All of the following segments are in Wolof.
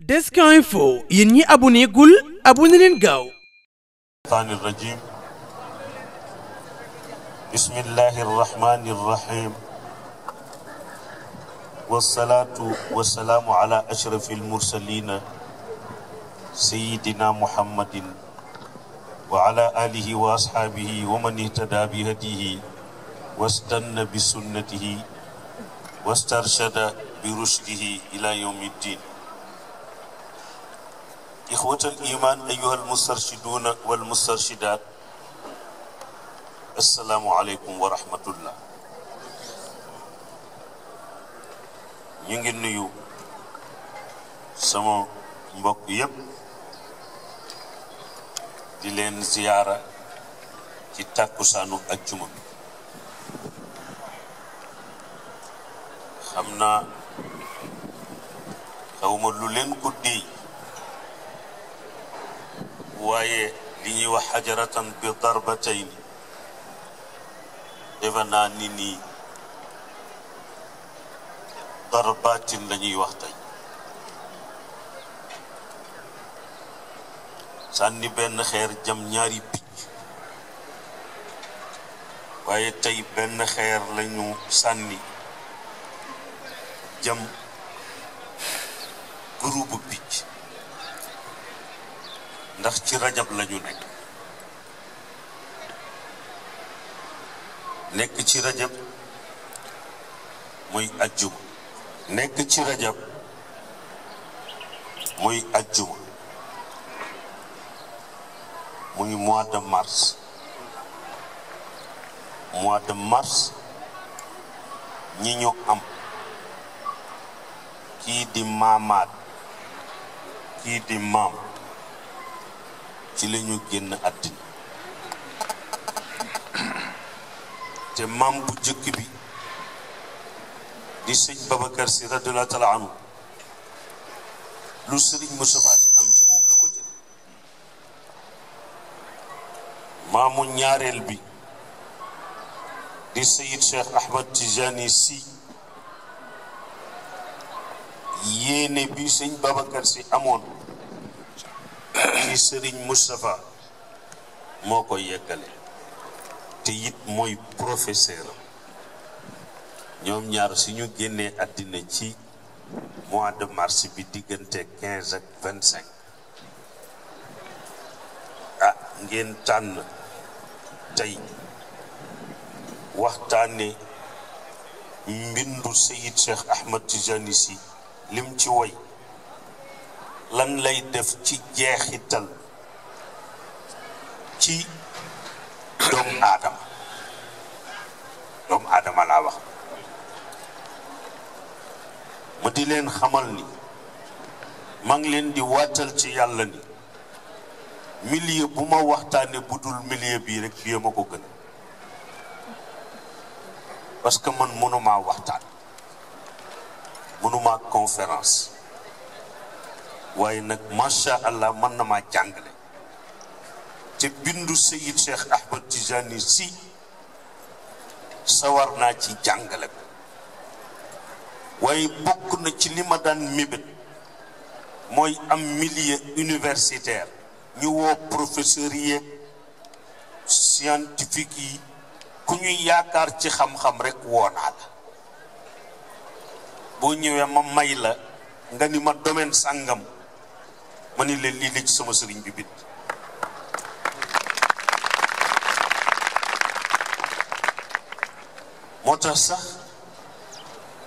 ديسكا انفو يني ابوني قول ابوني لنقاو الشيطان الرجيم بسم الله الرحمن الرحيم والصلاة والسلام على أشرف المرسلين سيدنا محمد وعلى آله وأصحابه ومن اهتدى بهديه واستنى بسنته واسترشد برشده إلى يوم الدين إخوة الإيمان أيها المسترشدون والمسترشدات السلام عليكم ورحمة الله ينجي نيو سمو مبوك yépp دي لين زيارة تي تاكوسانو ajjuma خمنا xam لولين xawma waye li ñi wax hajaratan bi darbatayn defe naa ni darbatin la ñuy wax tay sanni ben xeer jam ñaari picc waye tay ben xeer lañu sanni jam groupe picc ndax ci rajab lañu nek nek ci rajab muy ajjuma nek ci rajab muy ajjuma muy mois de mars mois de mars ñi ñu am ki di mamad ki di mamad ci la ñu génn àddina te mam bu jëkk bi di sëñ Babacar si radiyallahu taala anhu lu sëriñ Moustapha si am ci moom mamu ñaareel bi di Seyid Cheikh Ahmad Tijani si yéene bi sëñ Babacar si amoon ci sëriñ Moustapha moo ko yeggale te it mooy professeur ñoom ñaar suñu génnee àddina ci mois de mars bi diggante quinze ak vingt cinq ah ngeen tànn tey waxtaane mbindu Seyid Cheikh Ahmad Tijani si lim ci woy lan lay def ci jeexital ci doomu aadama doomu aadama laa wax mu di leen xamal ni maa ngi leen di waatal ci yàlla ni milieu bu ma waxtaane bu dul milieu bii rek bii a ko gën parce que man mënumaa waxtaan mënuma conférence waaye nag macha allah mën na ma jàngale te bindu Seyid Cheikh Ahmad Tijani si sawar naa ci jàngale ko waaye bokk na ci li ma daan mébét mooy am milieu universitaire ñu woo professeurs yi scientifique yi ku ñuy yaakaar ci xam-xam rekk woonaa la boo ñëwee ma may la nga ni ma domaine sàngam ma ni leen lii la ci sama sëriñ bi moo tax sax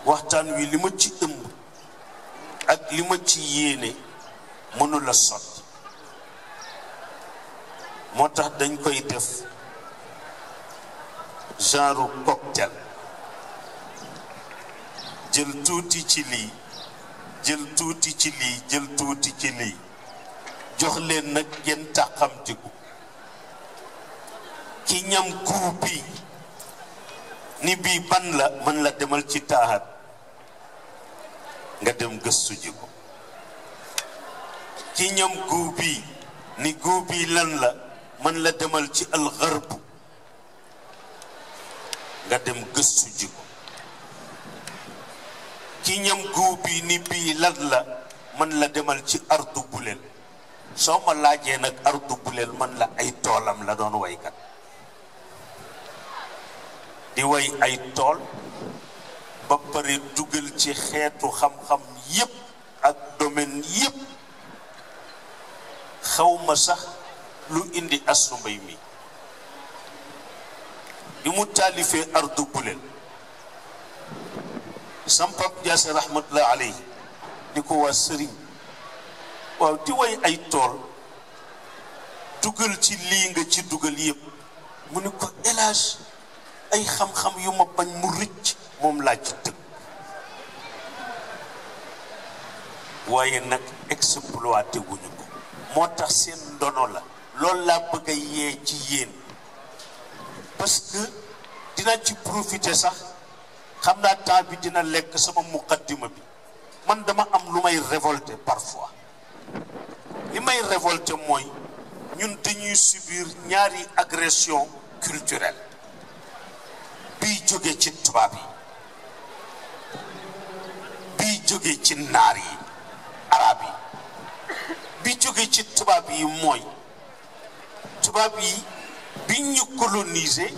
waxtaan wi li ma ci ëmb ak li ma ci yéene mënula sot moo tax dañ koy def genre cocktail jël tuuti ci lii jël tuuti ci lii jël tuuti ci lii jox leen nag ngeen tàqamtiku ci ñam kuu bii ni bii ban la mën la demal ci taaxat nga dem gëstu ji ko ci ñam guu bii ni guu bii lan la mën la demal ci alxarb nga dem gëstu ji ko ci ñam guu bii ni bii lan la mën la demal ci ardu buleel soo ma laajee nag ardu buleel man la ay toolam la doon woykat di woy ay tool ba pare dugal ci xeetu xam-xam yépp ak domaine yépp xawma sax lu indi Astou Mbaye mi bi mu taalifee ardu buleel sampab jaase rahmatullah alayhi di ko waa sëriñ waaw di woy ay tool dugal ci lii nga ci dugal yëpp mu ne ko élage ay xam-xam yu ma bañ mu rëcc moom laa ci tëgg waaye nag exploité wuñu ko moo tax seen ndono la loolu laa bëgg a yee ci yéen parce que dina ci profité sax xam naa temps bi dina lekk sama muqaddima bi man dama am lu may révolté parfois li may révolté mooy ñun dañuy subir ñaari agression culturelle bii jóge ci tubaab yi bii jóge ci naar yi arab yi bi jóge ci tubaab yi mooy tubaab yi biñ ñu coloniser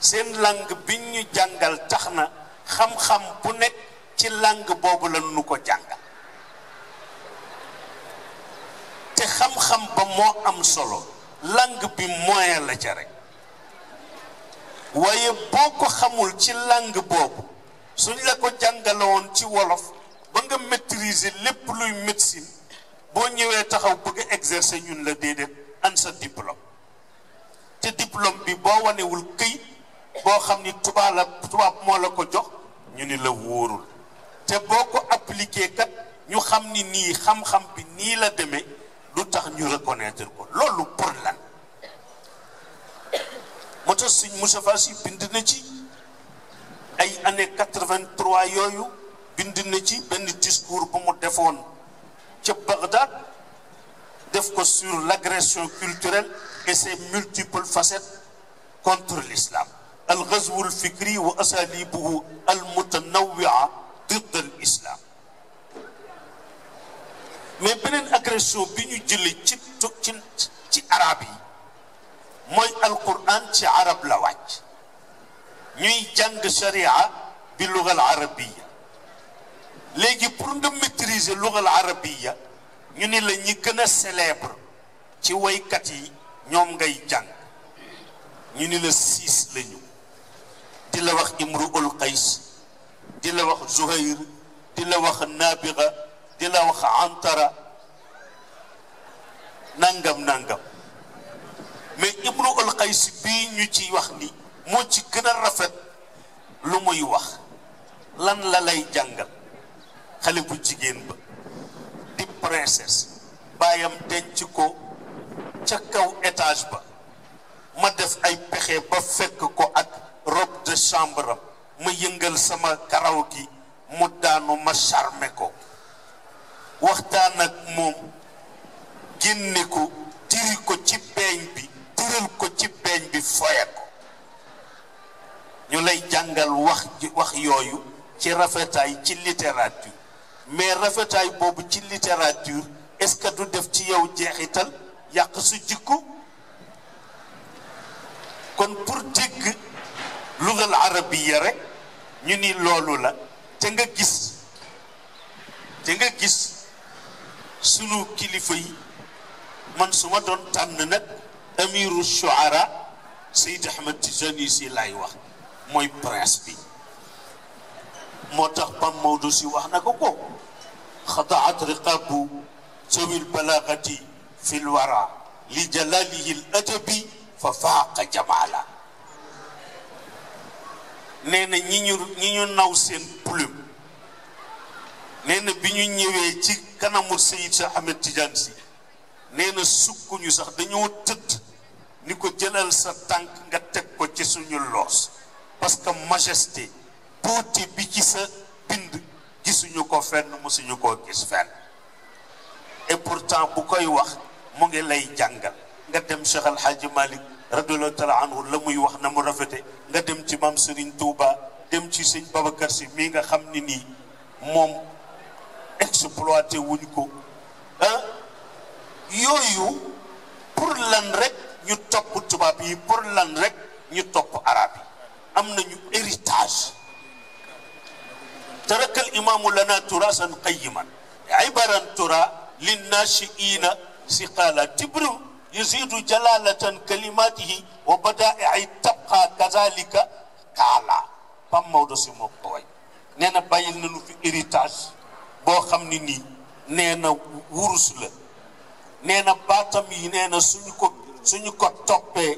seen langue biñ ñu jàngal tax na xam-xam bu nekk ci langue boobu la nu ko jàngal te xam-xam ba moo am solo langue bi moyen la ca rek waaye boo ko xamul ci langue boobu suñ la ko jàngalewoon ci wolof ba nga maîtriser lépp luy médecine boo ñëwee taxaw bëgg a exercer ñun la déedéet an sa diplôme te diplôme bi boo wanewul këy boo xam ni tubaab la tubaab moo la ko jox ñu ni la wóorul te boo ko appliqué kat ñu xam ni nii xam-xam bi nii la demee lutax ñu reconnaître ko lolu pour lan moo tax sëñ Moustapha bind na ci ay année 83 yoyu bind na ci ben discours bu mu defone ci Bagdad def ko sur l'agression culturelle et ses multiples facettes contre l'islam الغزو الفكري وأساليبه المتنوعة ضد الإسلام mais beneen agression bi ñu jëlee ci ci ci arab yi mooy al alquran ci arab la wàcc ñuy jàng sharia bi lugal arabiya léegi pour nga maîtriser lugal arabiya ñu ni la ñi gën a célèbre ci woykat yi ñoom ngay jàng ñu ni la siis lañu di la wax imruul qays di la wax zuhayr di la wax nabiga di la wax antara nangam nangam mais ibnu alxays bii ñu ci wax ni moo ci gën a rafet lu muy wax lan la lay jàngal xale bu jigéen ba di princesse baayam denc ko ca kaw étage ba ma def ay pexe ba fekk ko ak robe de chambre am ma yëngal sama karaw gi mu daanu ma charmer ko waxtaan ak moom génne ko tiri ko ci beeñ bi tëral ko ci beeñ bi foye ko ñu lay jàngal wax wax yooyu ci rafetaay ci littérature mais rafetaay boobu ci littérature est-ce que du def ci yow jeexital yàq su jikko kon pour dégg lugal arabiya rek ñu ni loolu la te nga gis te nga gis sunu kilifay man su ma doon tànn nag amiru shuara Seyd Ahmed Tijani si laay wax mooy prince bi moo tax Pam si wax na ko ko xadaat riqabu sawil balagati fi lwara li jalalihi l adabi fa faaqa jamala nee na ñi ñu naw seen plume nee bi ñu ñëwee ci kanamu Seyid Cheikh Ahmed Tidiane si nee na sukkuñu sax dañoo tëdd ni ko jëlal sa tànk nga teg ko ci suñu loos parce que majesté beauté bi ci sa pind gisuñu ko fenn mosuñu ko gis fenn et pourtant bu koy wax mu ngi lay jàngal nga dem Cheikh Al Hadj Malick radiallahu taala la muy wax na mu rafete nga dem ci maam Serigne Touba dem ci sëñ Babacar si mii nga xam ni nii moom exploité wuñ ko ah yooyu pour lan rek ñu topp tubaab yi pour lan rek ñu topp arab yi am nañu héritage taraka al imaamu lana turasan qayiman ibaran tura linnashiina siqala tibrim يزيد جلالة كلماته وبدائع تبقى كذلك كالا بام مودو سي موكوي نينا بايل في اريتاج boo xam ne nii nee na wurus la nee na baatam yi nee na suñu ko suñu ko toppee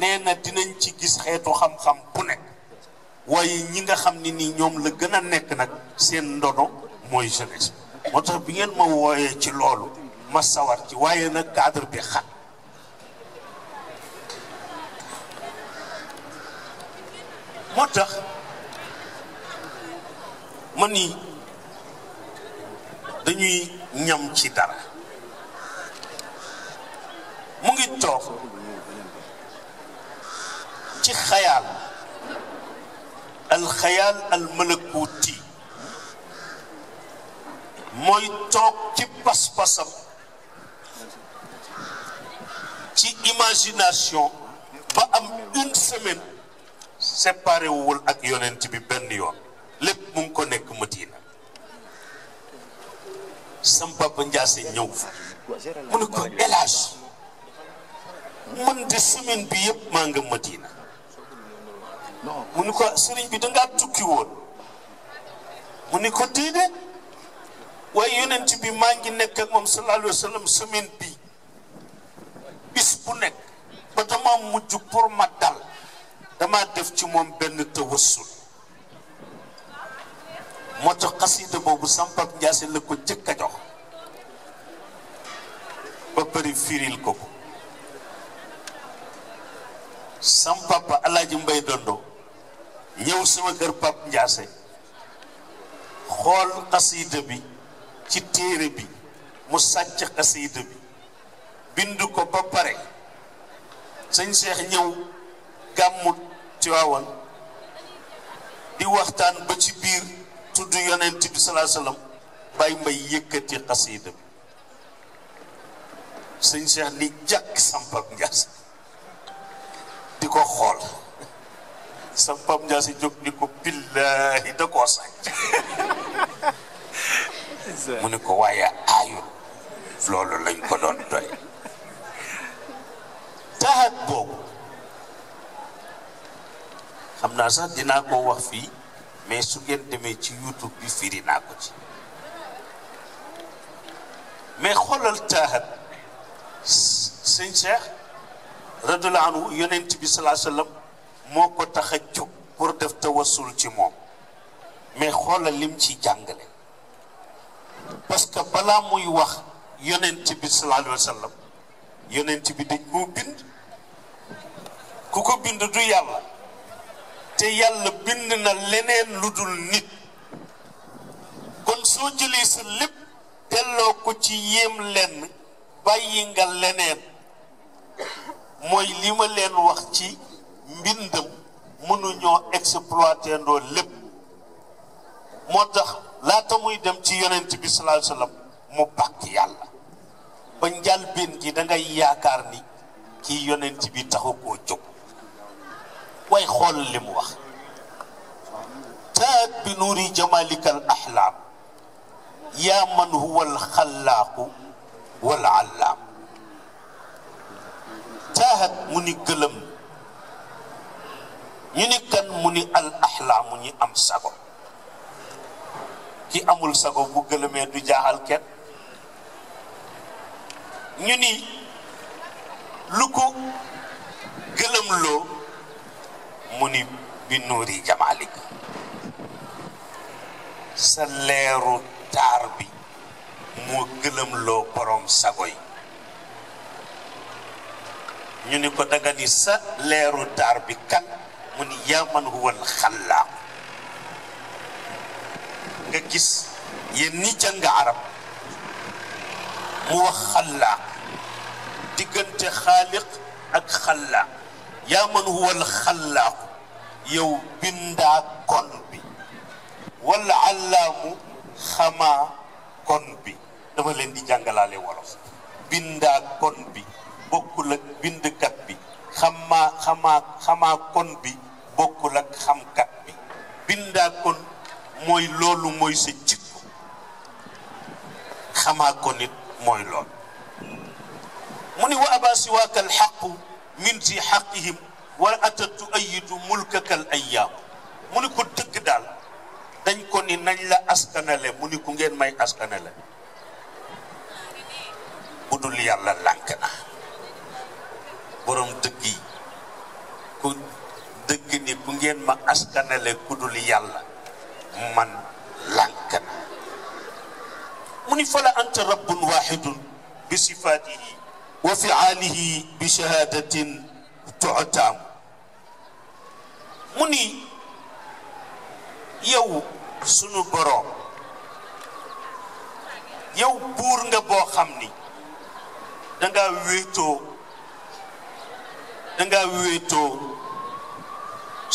nee na dinañ ci gis xeetu xam-xam bu nekk waaye ñi nga xam ne nii ñoom la gën a nekk nag seen ndono mooy jeunesse moo tax bi ngeen ma wooyee ci loolu ma sawar ci waaye nag cadre bi xat moo tax ma ni dañuy ñam ci dara mu ngi toog ci xayaal al xayaal al mooy toog ci pas ci imagination ba am une semaine séparé ak yonent bi benn yoon lépp mu ngi ko nekk mëti sam papa Ndiassé ñëw mu ne ko El Hadj man de bi yëpp maa nga Madina mu i ko sëriñ bi dangaa tukki woon mu ne ko diine waaye yonent bi maa ngi nekk ak moom sallallahu bi bis bu nekk ba dama mujj pour ma dal dama def ci moom benn tawassul moo tax xasida boobu Sampa Ndiassé la ko jëkk a jox ba pare firil ko ko sam papa alaaji mbay ñëw sama kër pap njaase xool xasiida bi ci téere bi mu sàcc xasiida bi bind ko ba pare sëñ seex ñëw gàmmu Tiwaawan di waxtaan ba ci biir tuddu yonent bi salaa wasallam bay mbay yëkkati qasida bi sëñ Cheikh li jak sampab njaas diko xol sampam sampab jog jóg billahi ko billaahi da koo sàcc mu ne ko waaye lañ ko don toy taxat boobu xam naa sax dinaa ko wax fi mais su ngeen demee ci youtube bi firi naa ko ci mais xoolal taahat sëñ Cheikh radiyallaahu anhu yonent bi salaa sallam moo ko tax a jóg pour def tawassul ci moom mais xoolal lim ci jàngale parce que balaa muy wax yonent bi salaa alayhi wa sallam yonent bi dañ koo bind ku ko bind du yàlla te yalla bind na leneen ludul nit kon so jeli sa lepp delo ko ci yem len bayyi nga leneen moy lima len wax ci mbindam ño exploiter ndo lepp motax la laata muy dem ci yonent bi sallallahu alayhi wasallam mu bak yalla ba bin gi da ngay yaakaar ni yonent bi taxu koo way xol limu wax taat bi nuri jamalikal ahlam ya man huwa al khallaq wal allaam taahat muni gëlëm ñu ni kan muni al ahlam ñi am sago ki amul sago bu gelemé du jaxal kenn ñu ni lu ko gëlëmloo mu ni bi nuuri jamaalik sa leeru taar bi moo gëlëmloo borom sago yi ñu ni ko danga sa leeru taar bi kan mu ni yaman huwal xallaaq nga gis yéen ñi arab mu wax xallaaq diggante xaaliq ak xallaaq yaman huwal xallaaq yow bindaa kon bi wala àllaamu xamaa kon bi dama leen di jàngalaale wolof bindaa kon bi bokkul ak bindkat bi xamaa xamaa xamaa kon bi bokkul ak xamkat bi bindaa kon mooy loolu mooy sa jikko xamaa ko mooy loolu mu ni wa aba siwaaka alxaqu min si xaqihim wala atatu ayidu mulkakal ayyaam mu ni ko dëgg daal dañ ko ni nañ la askanale mu ni ku ngeen may askanale bu dul yàlla lànk na borom dëgg yi ku dëgg ni ku ngeen ma askanale ku dul yàlla man lànk mu ni fala anta rabbun waxidun bi sifaatihi wa fiaalihi bi shahadatin tu'taam muni yow sunu borom yow buur nga bo xamni da nga weto da nga weto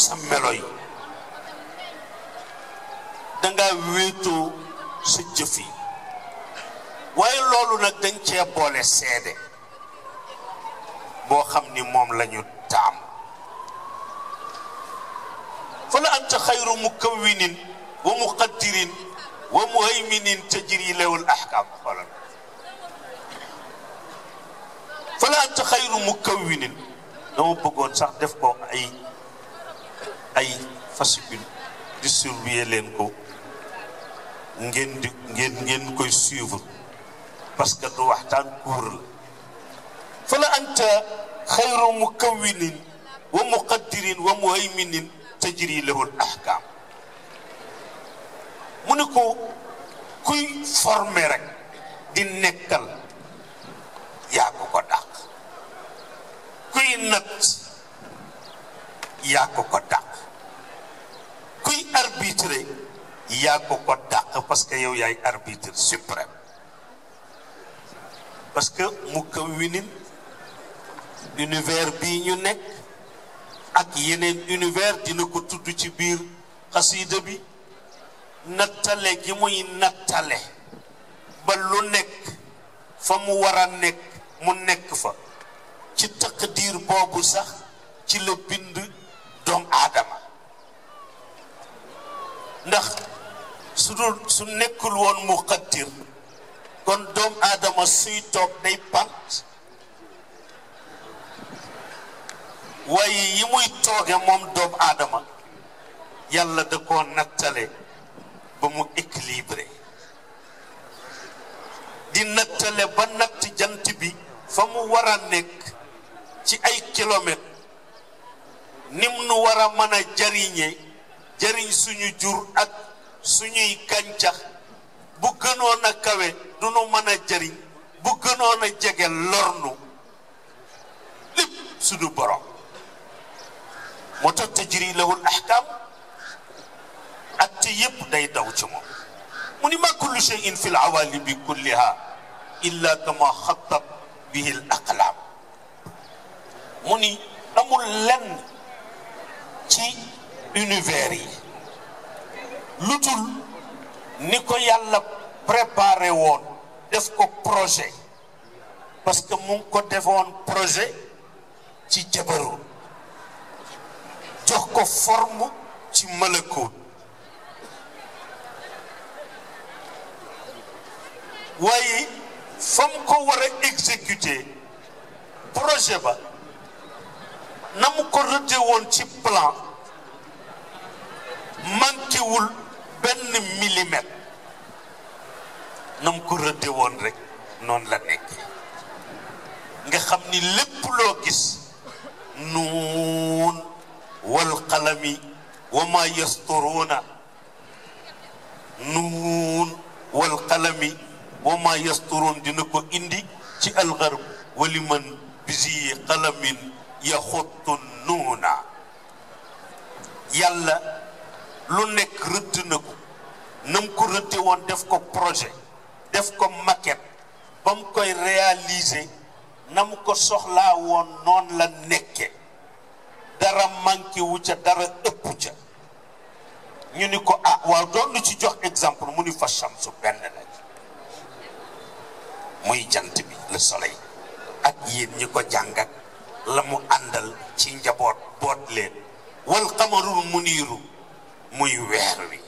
sa meloy da nga weto sa lolou nak dañ ci bolé bo xamni mom lañu tam فلا فلأنت خير مكون ومقدر ومهيمن تجري له الأحكام فلا أنت خير مكون نو بغون صح دف كو اي اي فاسيبل ديسوربي لين كو نين نين نين كوي سيفر باسكو دو وقتان كور فلا انت خير مكون ومقدر ومهيمن tajri lahul ahkaam mu ne ko kuy former rek di nekkal yaa ko ko dàq kuy natt yaa ko ko dàq kuy arbitre yaa ko ko dàq parce que yow yaay arbitre suprême parce que mu kawwinin univers bii ñu nekk ak yeneen univers dina ko tudd ci biir xasiida bi nattale gi muy nattale ba lu nekk fa mu war a nekk mu nekk fa ci taqdiir boobu sax ci la bind doom aadama ndax su dul su nekkul woon muqaddir kon doom aadama suy toog day part waaye yi muy tooge moom doomu aadama yàlla da koo nattale ba mu équilibré di nattale ba natt jant bi fa mu war a nekk ci ay kilomètres nim nu war a mën a jariñe jariñ suñu jur ak suñuy gàncax bu gënoon a kawe du nu mën a jariñ bu gënoon a jege lornu lépp suñu borom متت تجري له الاحكام التيب داي داو مني ما كل شيء في العوالم كلها الا كما خطب به الاقلام مني امول لن تي اونيفيري لوتول نيكو يالا بريباري وون ديسكو بروجي باسكو مونكو ديفون بروجي تي جبرون jox ko forme ci mëlëkoot waaye fam ko war a projet ba na mu ko rëdde woon ci plan manquéwul benn millimètre na ko rëdde woon rekk noonu la nekk nga xam ni lépp loo gis nuun والقلم وما يسطرون نون والقلم وما يسطرون دينكو اندي تي الغرب ولمن بزي قلم يخط النون يلا لو نيك رد نكو نمكو كو رد وون ديف بروجي ديف ماكيت بام كوي رياليزي نم سخلا وون نون لا dara manki wu ca dara ëpp ca ñu ni ko ah waaw doon lu ci jox exemple mu ni fa chamsu benn la muy jant bi le soleil ak yéen ñi ko jàngat la mu àndal ci njaboot boot leen wal qamarul muniiru muy weer wi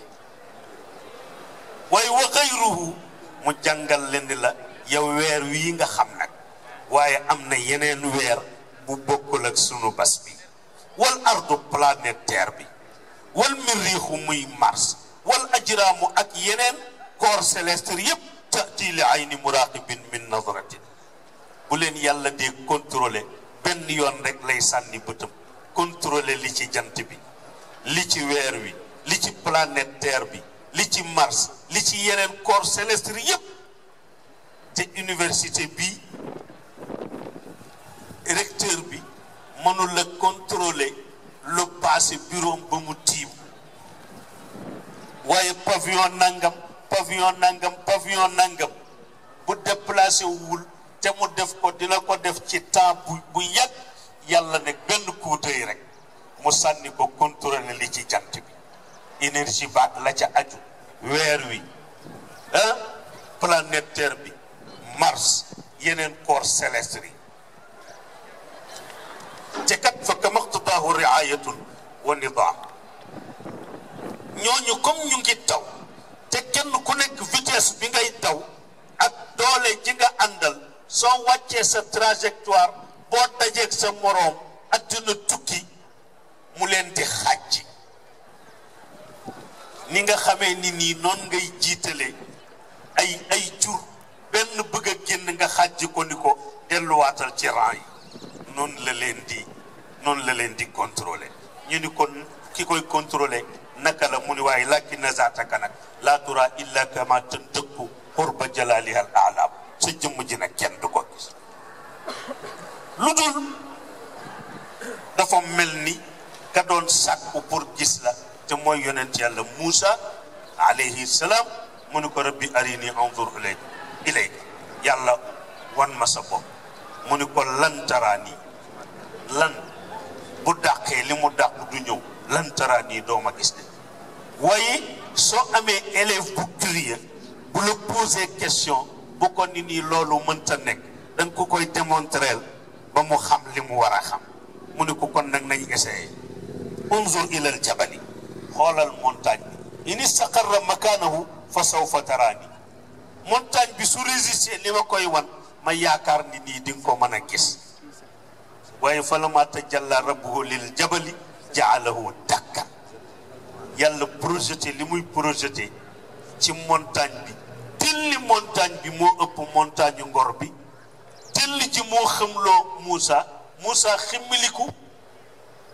waaye wa xayruhu mu jàngal leen la ya weer wi nga xam nag waaye am na yeneen weer bu bokkul ak sunu bas wal ardu planète terre bi wal miriixu muy mars wal ajraamu ak yeneen corps céleste yépp tati li ayni muraqibin min nazratin bu leen yàlla dee contrôler benn yoon rek lay sànni bëtam contrôler li ci jant bi li ci weer wi li ci planète terre bi li ci mars li ci yeneen corps céleste yépp te université bi recteur bi mënul la contrôler lu passé bureau ba mu tiim waaye pavillon nangam pavillon nangam pavillon nangam bu déplacé wul te mu def ko dina ko def ci temps bu bu yàgg yàlla ne benn kuutey rek mu sànni ko contrôler li ci jant bi énergie baag la ca aju weer wi ah planète bi mars yeneen corps céleste yi te kat fa kama qtadaahu riayatun wa nidaam ñooñu comme ñu ngi taw te kenn ku nekk vitesse bi ngay taw ak doole ji nga àndal soo wàccee sa trajectoire boo dajeeg sa moroom adduna tukki mu leen di xàjj ni nga xamee ni nii noon ngay jiitale ay ay jur benn bëgg a génn nga xàjj ko ni ko delluwaatal ci rang yi noonu la di noonu la leen di contrôler ñu ni kon ki koy contrôler naka la mu ni waaye laakin na zaataka nag laa tura illa kama tëntëkku xurba jalaalihal aalaam sa jëmm ji nag kenn du ko gis lu dul dafa mel ni ka doon sàkku pour gis la te mooy yonent Muusa alayhi mu ni ko rabbi arini anzur ilayk ilayk yàlla wan ma bopp mu ni ko lantaraani lan bu dàqee li mu dàq du ñëw lan taraan yi doom a gis ne waaye soo amee élève bu curieux bu la poser question bu ko nit ñi loolu mënta nekk da ko koy démontrer ba mu xam li mu war a xam mu ne ko kon nag nañ essayé unzur ilal jabali xoolal montagne bi in istaqarra makanahu fa sawfa taraani montagne bi su résister li ma koy wan ma yaakaar ni nii di ko mën a gis waaye falammaa tajallaa rabbuhu lil jabali ja'alahu dakkan yàlla projeté li muy projeté ci montagne bi tilli montagne bi moo ëpp montagne yu ngor bi tilli ji moo xamloo Moussa Moussa ximmiliku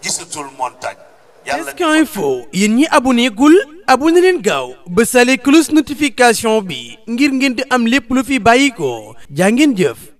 gisatul montagne Thiès Info yéen ñi abonné gul abonné leen gaaw bësale cloche notification bi ngir ngeen di am lépp lu fi bàyyi ko jaa ngeen jëf